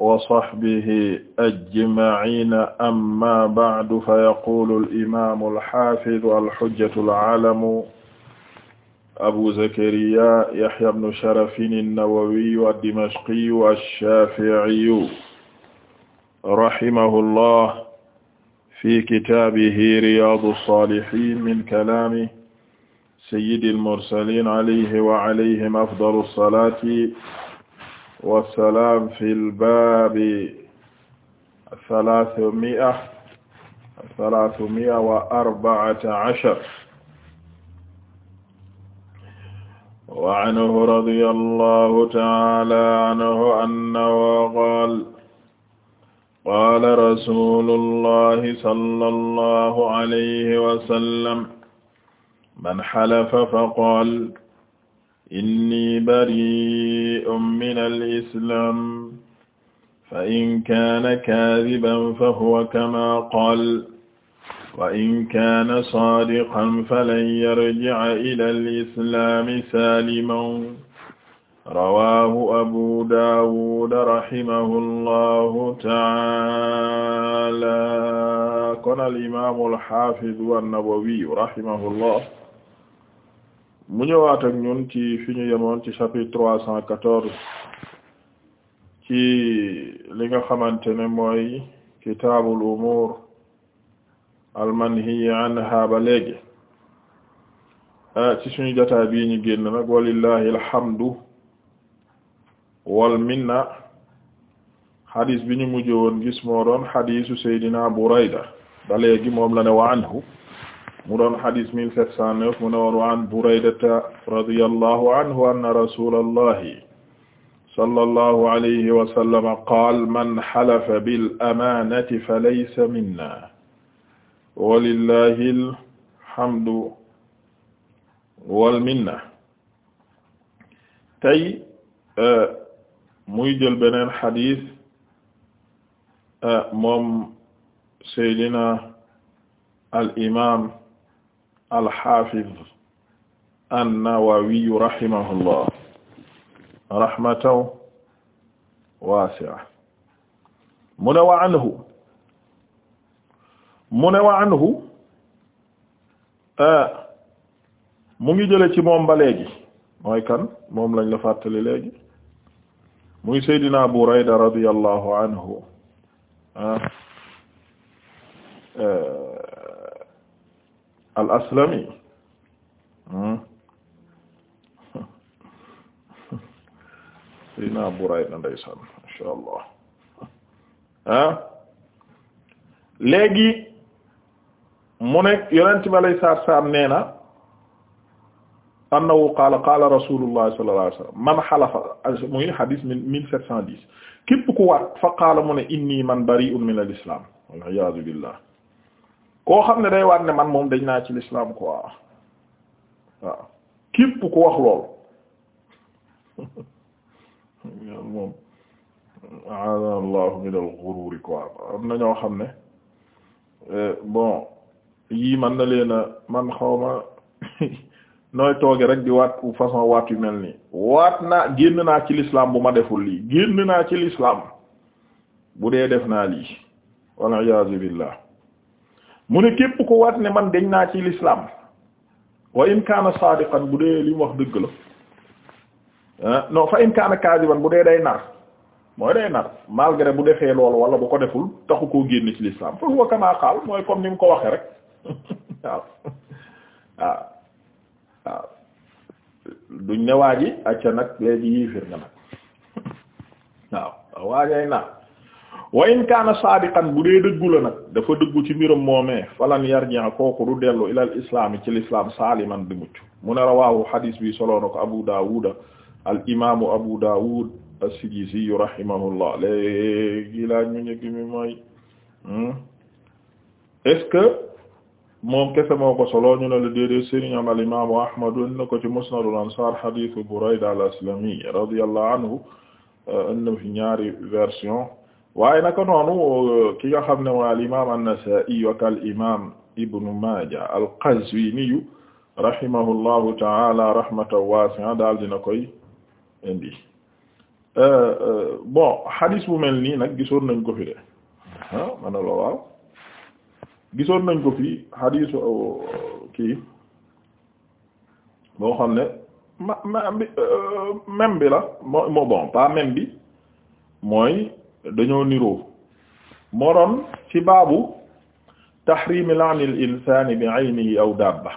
وصحبه أجمعين أما بعد فيقول الإمام الحافظ الحجة العالم أبو زكريا يحيى بن شرف النووي الدمشقي الشافعي رحمه الله في كتابه رياض الصالحين من كلام سيد المرسلين عليه وعليهم أفضل الصلاة wasalaam fil baabi salaasu mi'a salaasu mi'a wa arba'ata ashar wa anhu radiyallahu ta'ala anhu annahu qaala qaala rasuulullahi sallallahu alayhi wa sallam man halafa faqaala inni bari شيء من الإسلام فإن كان كاذبا فهو كما قال وإن كان صادقا فلن يرجع إلى الإسلام سالما رواه أبو داود رحمه الله تعالى kon al imaamu al haafiz an-Nawawi rahimahullah mu ñëwaat ak ñun ci fi ñu yemoon ci chapitre trois cent quatorze ci li nga xamante ne mooy kitaabul umuur al manhiyi anha ba léegi ah, ci suñu jotaay bii ñu génn nag walillahi alhamdu wal minna xadis bi ñu mujj woon gis moo doon xadisu Seydina Burayda ba léegi moom la ne wa anhu mu doon xadis 1709 mu ne woon wa an Buraydata radiyallahu anhu anna rasulallahi sallallahu alayhi wa sallam qaal man xalafa bil amaanati falaysa minna walillahi alhamdu wal minna tey euh, muy jël beneen xadis euh, moom Seydina al imaam alxafiz annawawiyu rahimahullah rahmatan waasi'a mu ne wa anhu mu ne wa anhu eh, mu ngi jële ci moom ba mooy kan moom lañ la fàttali léegi muy Seydina Burayda radiyallahu anhu ah. eh. al aslami hmm. Seydina Burayda ndeysaan insha allah ah léegi mu ne yonent bi alayhi salaatu salaam nee na annahu qaala qaala rasulullah sallallahu alayhi wasallam man xalafa muy hadis mille sept cent dix képp ku waat fa qaala mu ne inni man bari'un min al islam wal iyaadu billah koo xam ne day waat ne man moom dañ naa ci l'islam quoi waaw képp ku wax lool moom aadana allahu min al ghururi quoi na ñoo xam ne euh, bon yii man na leena man xawma nooy tooge rek di waat façon waat yu mel nii waat naa génn naa ci l'islam bu ma deful lii génn naa ci l'islam bu dee def naa lii wal iyaazu billah mu ne képp ko waat ne man deñ naa ci lislaam wa in kaana saadiqan bu dee li mu wax dëgg la ah, non fa in kaana bu dee day nar mooy day nar malgré bu defee loolu wala bu ko deful taxu koo génn ci l'islam fa huwa kamaa mooy comme ni mu ko waxee rek waaw waaw waaw duñ ne waaj ji acca nag léegi yéefir nga nag waaw waaw waajay nar wa in kaana saadiqan bu dee dëggu la nag dafa dëggu ci mbiram moomee falan yarjien kooku du dellu ilal islaami ci l'islam saaliman bi mucc mu ne rawahu hadis bi soloo ko Abu Dawud al imaamu Abu Dawud as-Sijizi rahimahullah léegi laaj mu njëkk mi mooy hmm? est-ce que moom kese moo ñu ne la déedéet sëriñam al imaamu Ahmad na ko ci musnadul ansaar hadithu Burayda al-Aslami radiyallahu anhu na fi version waaye naka noonu ki nga xam ne mooy al imaam an-Nasaa'i Ibnu Maaja al-Qazwiiniyu rahimahullahu ta'ala rahmatan waasi'a daal dina koy indi euh, euh, bon hadis bu mel nii nag gisoon nañ ko fi de ah ma ne la gisoon nañ ko fi hadis euh, kii boo xam ne ma ma bon pas même mooy. dañoo niroo moo doon ci baabu tahrimi la'ni al insani bi aynihi aw dabba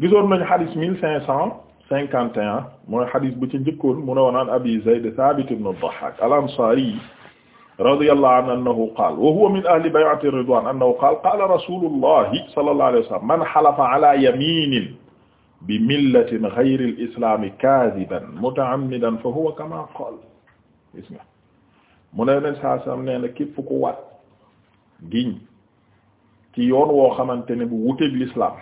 gisoon nañ xadis mille cinq cent cinquante et un mooy xadis bu ci njëkkoon mu ne woon an abi zayd thabit ibn ad-dahhak al ansari radiyallahu anhu annahu qaala wa huwa min ahli bay'ati ridwan annahu qaala qaala rasulullahi sallallahu alayhi wa sallam man halafa ala yaminin bi millatin ghayri al islami kadiban muta'ammidan fa huwa kama qaala gis nga mu ne leen saa sam nee na képp ku wat giñ ci yoon woo xamante ne bu wuteeg l'islam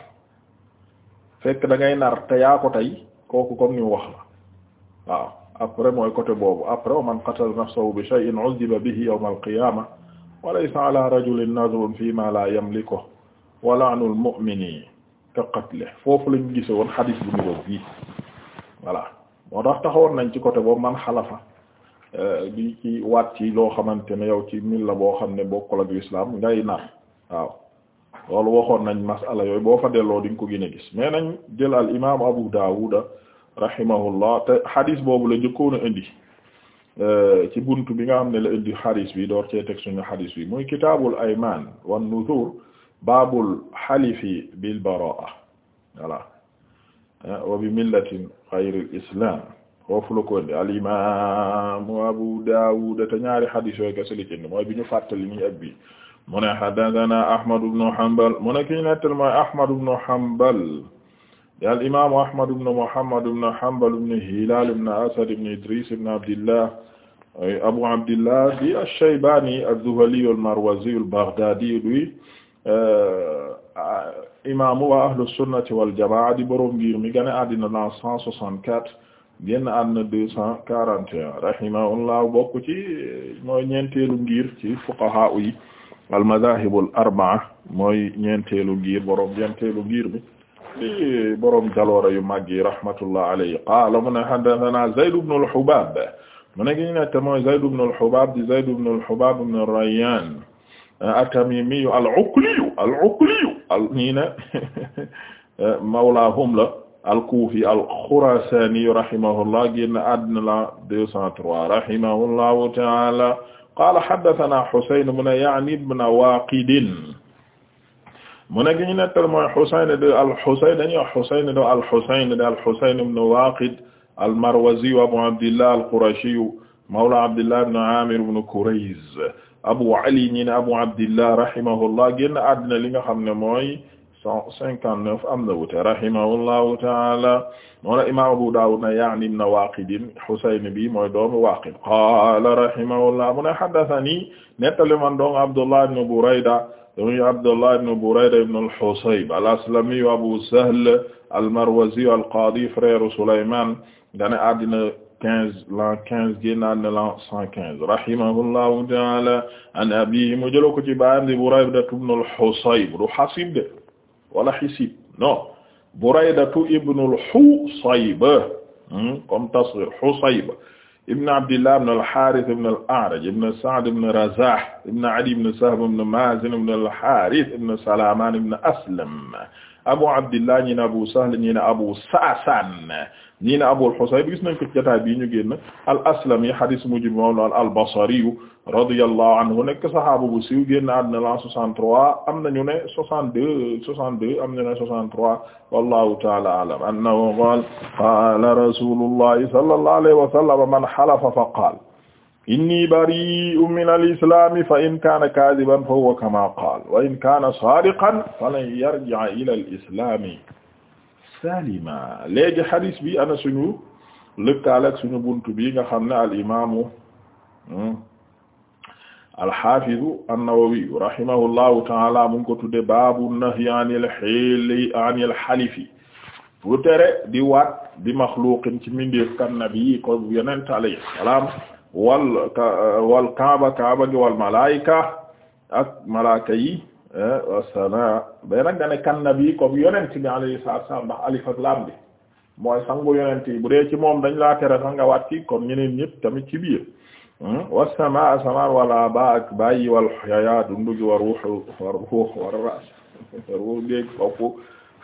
fekk da ngay nar te ko tey kooku comme ñu wax la waaw après mooy côté boobu après wa man qatala nafsahu bi shay'in 'udhiba bihi yawm al-qiyamah wa laysa 'ala rajulin nadhrun fi ma la yamliku wa la'nu al-mu'mini ka qatlihi foofu lañu gise woon xadiis bu ñu boobu bii voilà moo tax taxawoon nañ ci côté boobu man xalafa Euh, di ci waat ci loo xamante ne yow ci mil la boo xam ne bokkul ak l'islam ngay nar waaw loolu waxoon nañ masala yooyu boo fa delloo di ko gën a gis mais nañ jël al imaamu Abu Daawuda rahimahullah te hadis boobu la njëkkoon a indi euh, ci buntu bi nga xam ne la indi hadis bi door cee teg suñu hadis bi muy kitaabul aymaan wan nuzur baabul xalifi bil baraa voilà eh, wa bi millatin xayril islam foofu la ko indi al imaamu Abu Daawud te ñaari xadiis yooyu kese li ci indi mooy bi ñu fàttali nii ak bi mu ne haddasanaa Ahmad ibn Hanbal mu ne ki ñu nettal mooy Ahmad ibn Hanbal al imaamu Ahmad ibn Muhammad ibn Hanbal ibn Hilaal ibn Asad ibn Idriis ibn Abdillah Abu Abdillah di ash-Shaybaani az-Zuhali al-Marwazi al-Baghdaadi di eh, imaamu wa ahlu sunnati wal jamaa di borom ngir mi gane àddina la 164. génn àdduna deux cent quarante et un rahimahullah bokk ci mooy ñeenteelu ngir ci fuqaha yi al madahibul arbaa mooy ñeenteelu ngir borom ñeenteelu ngir bi di borom jaloora yu mag yi rahmatullah alayhi qaala mu ne haddathana Zayd ibn al-Hubaab mu ne gi nette mooy Zayd ibn al-Hubaab di Zayd ibn al-Hubaab ibn Rayyan at-Tamimi al-Uqli al-Uqli al ñii ne mawlaahum la al-Kufi al-Khurasani rahimahullah génn àddina la 203 rahimahullahu ta'ala qala haddathana Husayn mu ne ya'ni ibn Waqid mu ne gi ñu nettal mooy Husayn de al-Husayn dañuy wax Husayn de al-Husayn de al-Husayn ibn Waqid al-Marwazi Abu Abdillah al-Qurashi mawla Abdillah ibn Amir ibn Kurayz Abu Ali ñi ne Abu Abdillah rahimahullah génn àddina li nga xam ne mooy 159 am na wute rahimahullahu taala moona imam Abu Dawud na yaani ibn Waqid Husayn bi mooy doomu Waqid qala rahimahullah mu ne haddathani nettali man doon Abdullah ibn Burayda domi Abdullah ibn Burayda ibn al-Husayb al-Aslami Abu Sahl al-Marwazi al-Qadi frère Sulayman dane addina 15 l'an 15 génnaat na l'an 115 rahimahullahu taala an abihi mu jëlo ko ci baayam di Burayda ibn al-Husayb du Hasib de wala xisib non Buraydatu ibnul Husayba hmm? comme tasghir Husayba ibn Abdillah ibn al-Harith ibn al-A'raj ibn Sa'd ibn Razah ibn Adi ibn Sahm ibn Mazin ibn al-Harith ibn Salaman ibn Aslam abu abdillah ñi ne abu sahl ñi ne abu saasan ñi ne abu al-husayb gis nañ ko ci jotaay bii ñu génn al-aslami hadis mujj moom la al-basri radiyallahu anhu nekk saxaaba bu siiw génn àddina la 63 am nañu ne 62 62 am nañu ne 63 wallahu ta'ala a'lam annahu qala qala rasulullahi sallallahu alayhi wa sallam man halafa fa qala inni bari'un min al-islami fa in kaana kadiban fa huwa kama qaal wa in kaana sadiqan falan yarji'a ila al-islami salima léegi hadis bi ana suñu lëkkaale ak suñu buntu bi nga xam ne al-imaamu hmm, al-haafizu an-Nawawi rahimahullahu ta'ala mu ngi ko tudde baabu nahyi anil hiili anil halifi bu tere di waat bi maxluuqin ci mindeef kan nabi ko yonent alayhi salaam wal wal kaaba kaaba gi wal malaayika ak malaaka yi eh, wasana bay nag ne kan nabi comme yonent bi alayhi salaatu salaam ndax alif ak laam mooy sangu yonent yi ci moom dañ laa tere sax nga waat ci comme ñeneen ñëpp tamit ci biir hmm? wasama sama ak bàyyi wal xayaa dundu gi war ruux war ruux war ras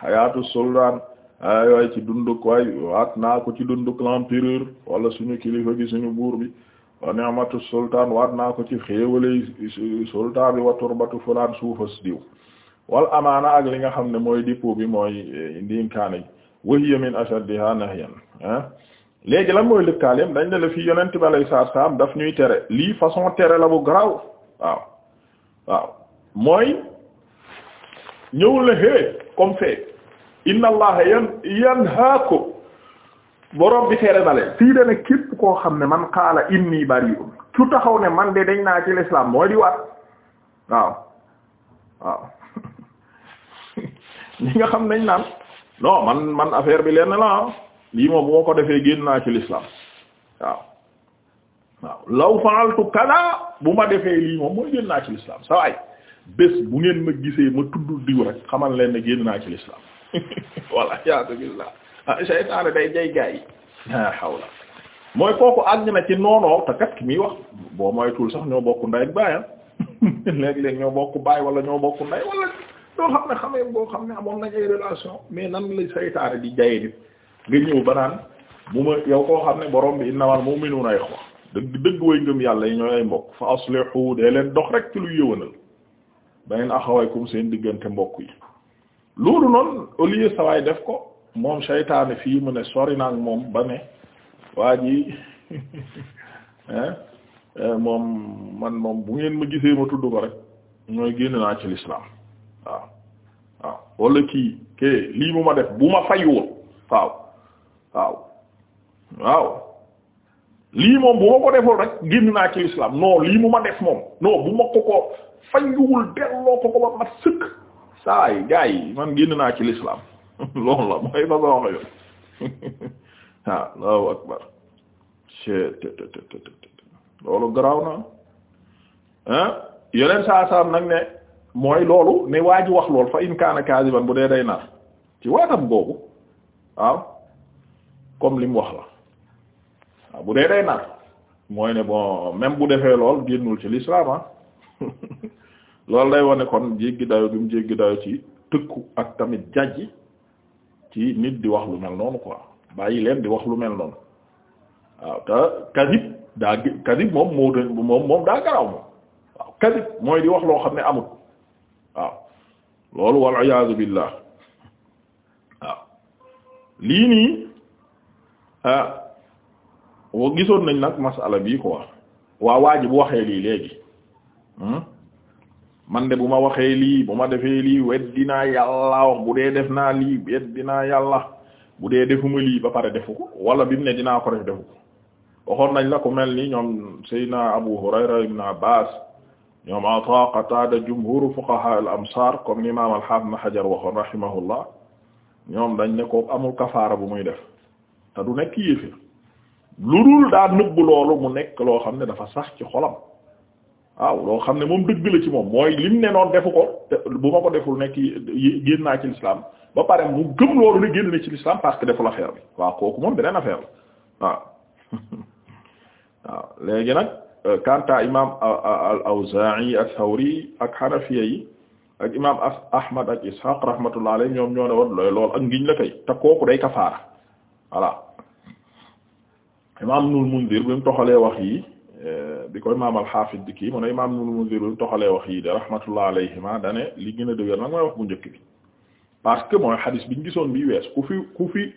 xayaatu sultaan ay waay ci dunduk waay waat naa ci dunduk l'empereur wala suñu kilifa gi suñu buur bi wa ni'matu sultaan waat naa ko ci xéewalay sultaan bi wa turbatu fulaan amaana ak li nga xam ne mooy dippo bi mooy eh, ndinkaane wa hiya min ashaddiha nahyan ah. léegi lan mooy lëkkaaleem dañ ne la fii yonent bi alayhi salaatu salaam daf ñuy tere lii façon tere la bu garaaw waaw mooy ñëwul la hé comme fait inna yan yanhaaku boroom bi seere na leen fii dana képp koo xam ne man xaala inni bari'un su taxaw ne man de dañ naa ci l'islam mooy di waaw waaw ñi nga xam nañ naan non man man affaire bi lenn la ah. lii moom bu ko defee génn naa ci l'islam waaw waaw law fa'altu kada bu ma defee lii moom mooy génn naa ci l'islam sa bés bu ngeen ma gisee ma tudd diw rek xamal leen ne génn naa ci l'islam voilà yaa Ah, seytaane day jay gaa yi la hawla mooy kooku àgg na ci noonoo te ki muy wax boo moytuwul sax ñoo bokk ndey ak baay ah. léeg-léeg ñoo bokk baay wala ñoo bokk ndey wala ñoo xam ne xamee boo xam ne amoon nañ ay relation mais nan la seytaane di jaye nit nga ñëw ba naan bu ma yow koo xam ne borom bi innamal mu'minuna ikhwa dëgg dëgg way ngëm yàlla yi ñooy ay mbokk fa aslihu dee leen dox rek ci lu yëwanal beneen axawaykum seen diggante mbokk yi loolu noonu au lieu sawaay def ko moom seytaane fii mu ne sori naa moom ba ne waa ji moom man moom bu ngeen ma gisee ma tudd ko rek mooy génn naa ci l'islam waaw waaw wala kii ke lii mu ma def bu ma fayuwul waaw waaw lii moom bu ma ko deful rek génn naa ci l'islam non lii mu ma def moom non bu ma ko ko fayuwul delloo ko ko ba ma sëkk saa yi gars man génn naa ci l'islam loolu la mooy ba wax yooyu ah Allahu akbar loolu garaaw na ah yeneen saa saa nag ne mooy loolu ne waa ji wax lool fa in kaana bu dee day naa ci waatam boobu waaw comme li wax la waaw bu dee day nar mooy ne bon même bu defee lool génnul ci l'islam ah loolu day wane kon jéggi dayo bi mu jéggi dayo ci tëkku ak tamit jàjji ci nit di wax lu mel noonu quoi bàyyi leen di wax lu mel noonu waaw te kadib daa kadib moom moom moom daa garaw moom kadib mooy di wax loo xam ne amut waaw loolu wal iyaazu billah waaw lii nii ah, gisoon nañ nag masala bi quoi waa waa ji waxee lii léegi. Hmm? man de bu ma waxee lii bu ma defee lii weddi naa yàlla bu dee def naa lii weddi yàlla bu dee defuma lii ba pare defu ko wala bi ne dinaa ko def defu ko nañ la ko mel ni ñoom Seydina Abu Hurayra ibn Abbas ñoom Ata Qatada jumhuru fuqaha al amsar ni imam al-Hafiz Hajar waxoon rahimahullah ñoom dañ ne ko amul kafaara bu muy def te nekk yéefir lu dul daa nëbb loolu mu nekk loo xam ne dafa sax ci xolam waaw loo xam ne moom dëgg la ci moom mooy lim ne noon defu ko te bu ma ko deful nekk génn naa ci l'islam ba pare mu gëm loolu ne génn na ci l'islam parce que deful affaire bi waaw kooku moom beneen affaire la waaw léegi nag kanta euh, imam al-Awza'i ath-Thawri ak Hanafiya yi ak imam Ahmad ak Ishaq rahmatullah alayhi ñoom ñoo ne woon looy lool ak ngiñ la kay te kooku day kafaara voilà imam Ibnul Munzir bi mu toxalee wax yi Euh, bi ko imaam al-Hafiz di imaam Ibn Munzir toxalee wax yi de rahmatullah dane li gën a dëgër nag mooy wax bu njëkk bi parce que mooy xadis biñ gisoon bi wees ku fi ku fi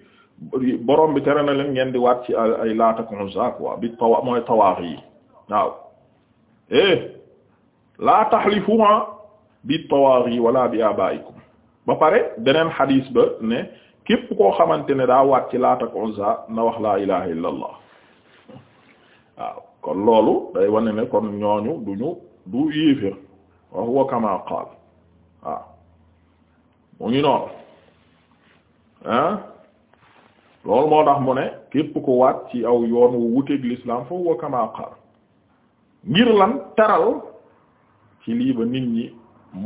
borom bi tere na leen ngeen di waat ci ay laata ak Uzza quoi bi tawa mooy tawaaf yi waaw eh laa tahlifu bi tawaaf wala bi abaa'ikum ba pare beneen xadis ba ne képp koo xamante ne daa waat ci laata ak Uzza na wax laa ilaha illa allah kon loolu day wane ne kon ñooñu du ñu du yéeféer wa huwa kama qaal waaw mu ngi noonu ah loolu moo tax mu ne képp ko waat ci aw yoon wu wuteeg l'islam fa huwa kama qaal ngir lan taral ci lii ba nit ñi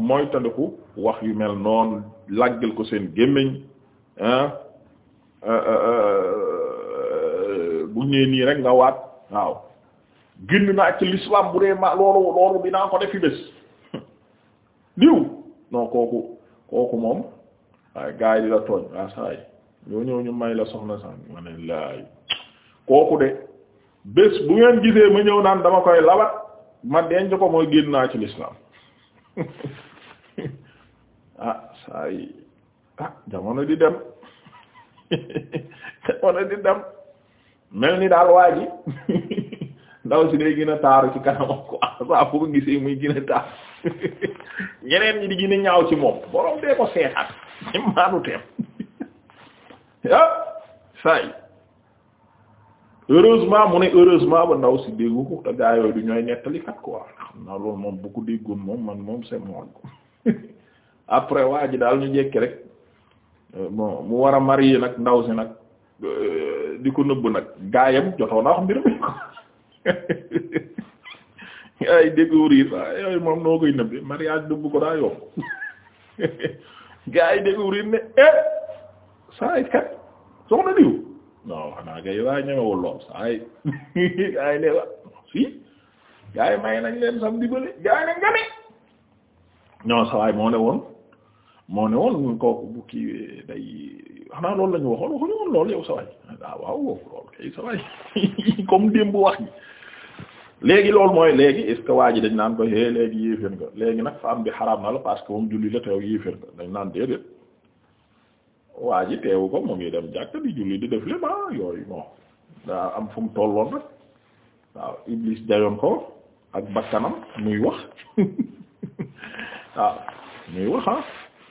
mooy wax yu mel noonu laggal ko seen gémmiñ ah bu ñëwee nii rek nga waat waaw génn naa ci l'islam bu dee ma loolu loolu dinaa ko defi bés diw non kooku kooku moom waaye gars di la tooñ waa ah, saay yoo ñëw ñu may la soxna sax ma kooku de bés bu ngeen gisee ma ñëw naan dama koy labat ma denc ko mooy génn naa ci l'islam ah saa yi ah jamono di dem jamono di dem mel ni daal waa ji ndaw si day gën a taaru ci kanamam ko saa foo ko gisee muy gën a taaru ñeneen ñi di gën a ñaaw ci moom borom dee ko seetaat ñi maanu teem ah mu ba ndaw si déggu ko te gaa du ñooy nettalikat quoi xam naa loolu moom bu ko déggoon moom man moom c'est moom après waa ji daal ñu jekki rek euh, bon mu war a marier nag ndaw si nag euh, di ko nëbb nag gaayam jotoon na wax mbir ay découvrir waaye yooyu moom noo koy nëbbi mariage dëbb ko daa yomb gaa yi découvrir ne eh saa yi kat soxna diw non xanaa kay waaye ñemewul lool saa yi ne wa fii gaa may nañ leen samedi bële gaa yi ne ngame ñoo sawaay moo ne woon moo ne woon kooku bu day xanaa loolu la ñu waxoon waxuñu woon loolu yow sawaay ah waaw loolu kay sawaay comme démb wax ji léegi loolu mooy léegi est ce que waa ji dañ naan ko é léegi yéefér nga léegi nag fa am bi xaraam na la parce que moom julli la teew yéefér nga dañ naan déedéet waa ji teewu ko mu ngi dem jàkk di julli di def lépp ah yooyu moom daa am fu mu tolloon rek waaw Iblis dayoon ko ak bakkanam muy wax waaw muy wax ah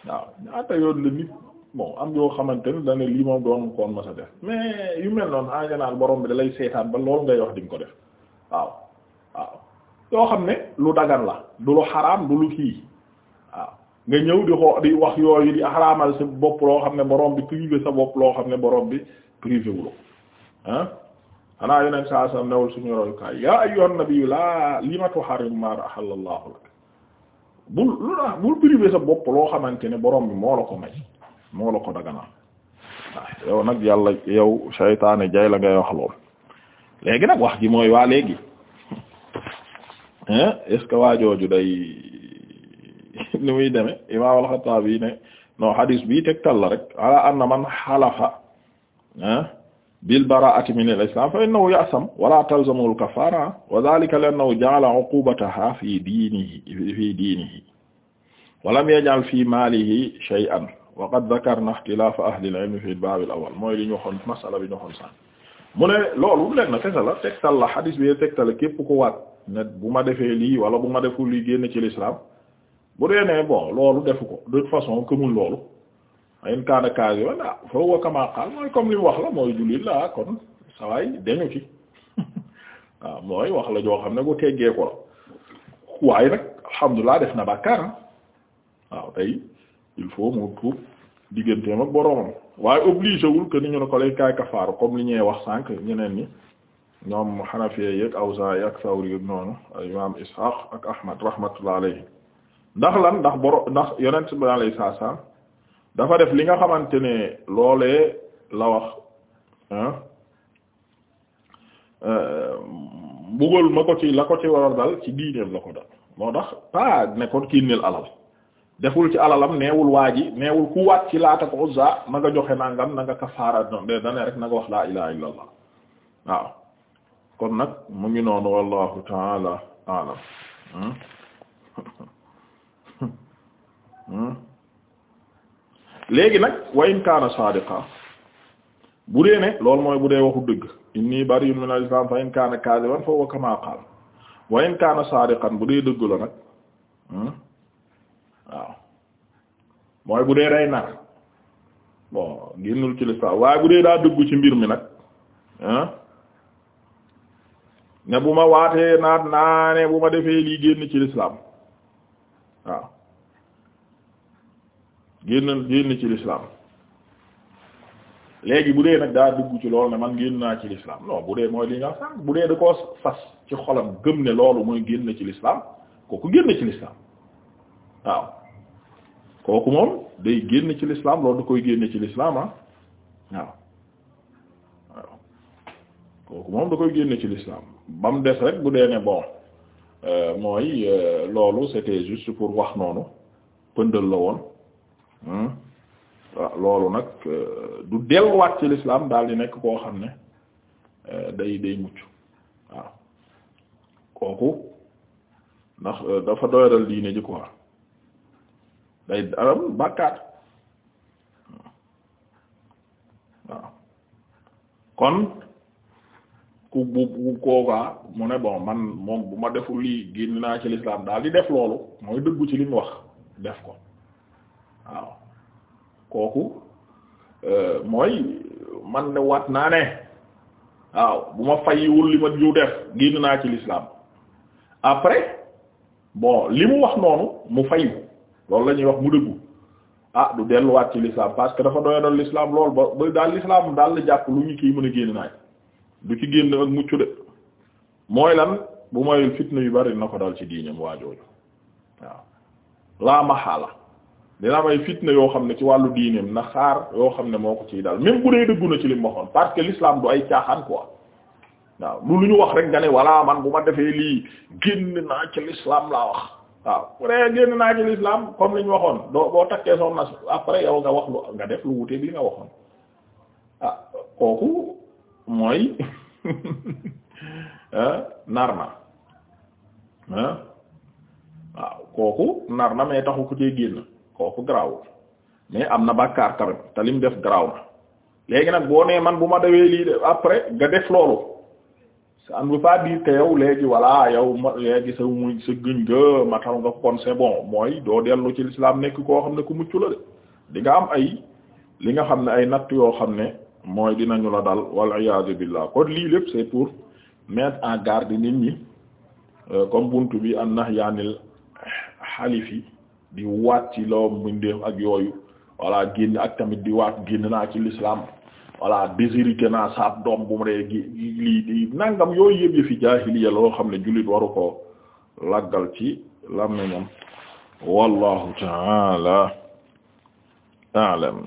waaw ñaata yoon la nit bon am yoo xamante ne dana lii moom doon koon ma sa def mais yu mel noon en général borom bi da seetaan ba loolu ngay wax di ko def yoo xam ne lu dagan la du lu xaraam du lu kii waaw nga ñëw di xoo di wax yooyu di xaraamal sa bopp loo xam ne borom bi privé sa bopp loo xam ne borom bi xanaa yeneen saa sa newul suñu royukaay yaa ayyuhan nabiyyu laa lima tuharrimu maa ahallallaahu lak lu tax sa bopp loo xamante ne borom bi moo la ko may moo la ko daganal waaw yow nag yàlla yow saytaane jay la ngay wax lool léegi nag wax ji mooy waa léegi est ce que waajooju day ni muy demee imaam al-Xattaabi ne non hadis bii tegtal la rek ala anna man xalafa ah bil baraa'ati min al-islaam fa innahu ya'sam wala talzamuhu al-kafaara wa dhaalika li-annahu ja'ala 'uquubatahaa fii diinihi fii diinihi wa lam yaj'al fii maalihi shay'an wa qad dhakarna ixtilaafa ahli al-'ilmi fii al-baab al-awwal mooy li ñu waxoon masala bi ñu waxoon sax mu ne loolu lenn kese la tegtal la hadis bi tegtal képp ku waat. ne bu ma defee lii wala bu ma deful lii génn ci l'islam bu dee ne bon loolu defu ko de toute façon këmul loolu in kaana kaasiban ah fa huwa kamaa qaal mooy comme li wax la mooy jullit laa ah kon sawaay dañu ci waaw mooy wax la joo xam ne bu teggee ko la waaye nag alhamdulilah def na bàkkaar ah waaw tey il faut mu tuub digganteem ak boroomam waaye obligé wul que ni ñu ne ko lay kaay kafaaru comme li ñuy wax sànq ñeneen ñi ñoom xanafiya yeeg Awzaa'i ak Sawri yi noonu imaam Ishaq ak Ahmad rahmatullah ndax lan ndax boro ndax yonent bi alayhi salaam dafa def li nga xamante ne loole la wax euh, mbugal ma ko ci la ko ci war a dal ci diineem la ko dal moo tax ah nekkoon kii nil alal deful ci alalam neewul waa ji neewul ku waat ci laata ko Uzza na nga joxe naa na nga kafaara noonu de dane rek na wax laa ilaaha illallah kon nag mu ngi noonu wallahu taala alam hmm? Hmm? léegi nag wa in kaana sadiqa bu dee ne loolu mooy bu dee waxu dëgg inni bari'un min al-islam fa in kaana kaadiban fa huwa kamaa qaal wa in kaana sadiqan bu dee dëgg la nag hmm? waaw mooy bu dee day nar ci l'islam waaye bu dee daa dëgg ci mbir mi nag ne bu ma waatee naat naa ne bu ma defee lii génn ci lislaam waaw génn génn ci lislaam léegi bu dee nag daa dugg ci loolu na man génn naa ci lislaam non bu dee mooy li nga sax bu dee da koo fas ci xolam gëm ne loolu mooy génn ci lislaam kooku génn ci lislaam waaw kooku moom day génn ci lislaam loolu da koy génn ci lislaam ah waaw kooku moom da koy génne ci l'islam ba mu des rek bu dee ne bon euh, mooy euh, loolu c'était juste pour wax noonu pëndal la woon waaw loolu nag euh, du delluwaat ci l'islam daal di nekk koo xam ne day day mucc waaw kooku ndax dafa doyadal diine ji quoi day bàkkaat waaw kon ku bu koogaa mu ne bon man moom bu ma deful lii génn naa ci lislaam daal di def loolu mooy dëggu ci li mu wax def ko waaw kooku euh, mooy man ne waat naa ne waaw bu ma fayiwul li ma jiw def génn naa ci lislaam après bon li mu wax noonu mu fayu loolu la ñuy wax mu dëggu ah du delluwaat ci lislaam parce que dafa doyadal lislaam lool ba ba daal lislaam daal la jàpp lu ñu kii mën a génn naa du ci génn ak mucc de mooy lan bu mayul fitna yu bari na ko dal ci diineem waajooju waaw laa maxaala dina may fitna yoo xam ne ci wàllu diineem na xaar yoo xam ne moo ko ci dal même bu dee dëggu ci li mu waxoon parce que l'islam du ay caaxaan quoi waaw lu ñu wax rek nga ne man bu ma defee lii génn naa ci l'islam génn naa ci l'islam comme waxoon doo boo takkee soxna après yow nga wax lu nga def lu wuteeg li nga waxoon ah kooku mooy ah nar na ah kooku nar na mais taxu ko cee génn kooku garaawul mais am na bàkkaar tamit te lim def garaaw na léegi nag boo nee man bu ma dawee lii de après nga def loolu ça ne veut pas dire que yow léegi voilà yow ma léegi sa mu sa gëñ ga matal nga kon bon mooy doo dellu ci l'islam nekk koo xam ne ku mucc la de di nga am ay li nga xam ne ay natt yoo xam ne. mooy dinañu la dal wal iyaadu billah kon lii lépp c'est pour mettre en garde nit ñi euh, comme buntu bi an nahyanil xalifi di waat ci loo mbindeef ak yooyu wala génn ak tamit di waat génn naa ci l'islam voilà déshérité naa saab doom bu mu ree gi lii di nangam yooyu yëpp yëfi jaahiliya loo xam ne jullit waru ko laggal ci lam nañam wallahu ta'ala a'lam